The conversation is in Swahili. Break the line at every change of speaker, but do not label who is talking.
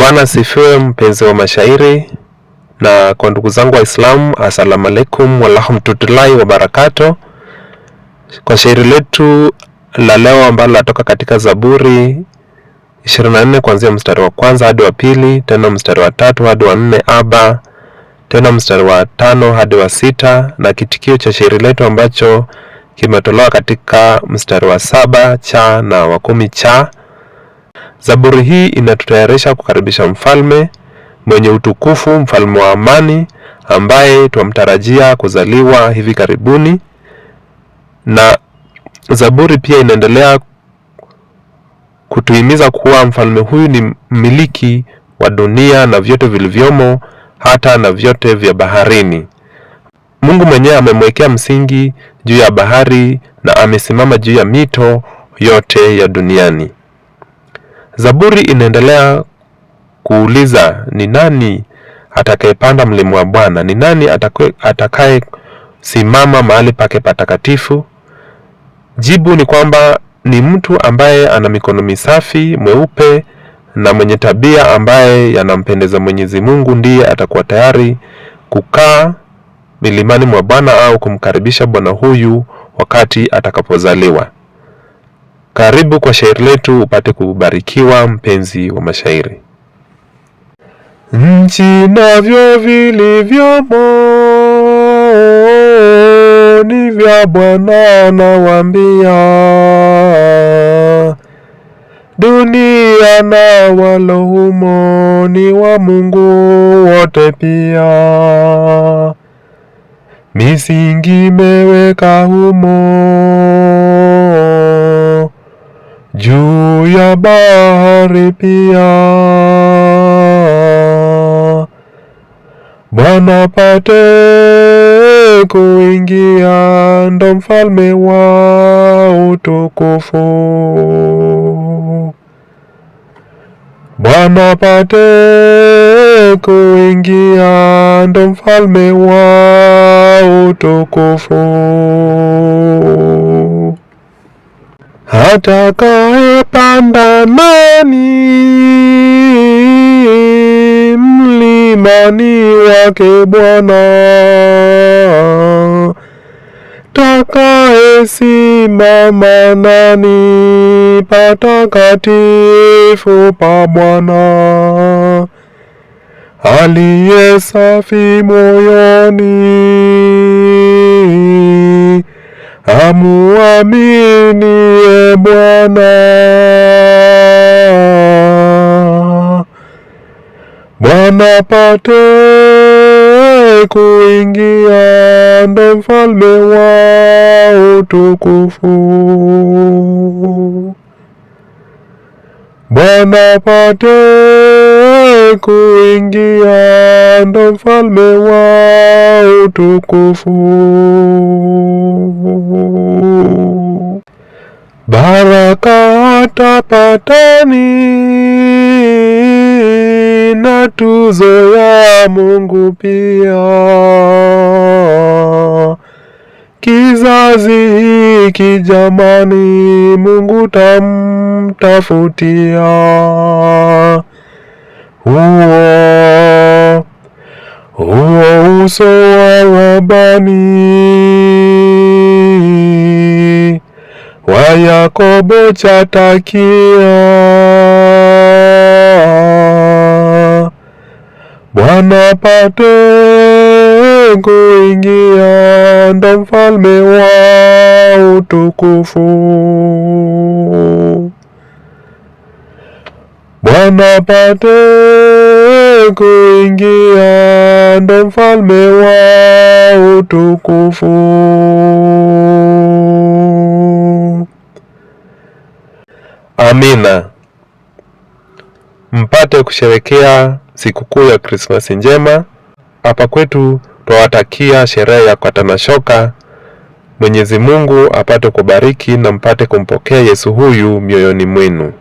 Bwana sifiwe, mpenzi wa mashairi na kwa ndugu zangu Waislamu, assalamu alaikum warahmatullahi wabarakatuh. Kwa shairi letu la leo ambalo latoka katika Zaburi 24 kuanzia mstari wa kwanza hadi wa pili, tena mstari wa tatu hadi wa nne aba tena mstari wa tano hadi wa sita, na kitikio cha shairi letu ambacho kimetolewa katika mstari wa saba cha na wa kumi cha Zaburi hii inatutayarisha kukaribisha mfalme mwenye utukufu, mfalme wa amani ambaye twamtarajia kuzaliwa hivi karibuni, na Zaburi pia inaendelea kutuhimiza kuwa mfalme huyu ni mmiliki wa dunia na vyote vilivyomo, hata na vyote vya baharini. Mungu mwenyewe amemwekea msingi juu ya bahari na amesimama juu ya mito yote ya duniani. Zaburi inaendelea kuuliza ni nani atakayepanda mlima wa Bwana? Ni nani atakayesimama mahali pake patakatifu? Jibu ni kwamba ni mtu ambaye ana mikono misafi, mweupe na mwenye tabia ambaye yanampendeza Mwenyezi Mungu, ndiye atakuwa tayari kukaa milimani mwa Bwana au kumkaribisha Bwana huyu wakati atakapozaliwa. Karibu kwa shairi letu upate kubarikiwa, mpenzi wa mashairi.
Nchi navyo vilivyomo ni vya Bwana anawaambia, dunia na walo humo ni wa Mungu wote pia. Misingi meweka humo juu ya bahari pia. Bwana pate kuingia, ndo mfalme wa utukufu. Bwana pate kuingia, ndo mfalme wa utukufu. Atakayepanda nani mlimani wake Bwana? Takayesimama nani patakatifu pa Bwana? Aliye safi moyoni Amuaminie Bwana, Bwana pate kuingia, ndo mfalme wa utukufu. Bwana pate kuingia mfalme wa utukufu. Baraka tapatani na tuzo ya Mungu pia Kizazi hiki jamani, Mungu tamtafutia huo huo uso wa Labani wa Yakobo chatakia, Bwana pate kuingia, ndo mfalme wa utukufu Bwana pate kuingia ndo mfalme wa utukufu. Amina. Mpate kusherekea sikukuu ya Krismasi njema. Hapa kwetu twawatakia sherehe ya Kwatanashoka. Mwenyezi Mungu apate kubariki na mpate kumpokea Yesu huyu mioyoni mwenu.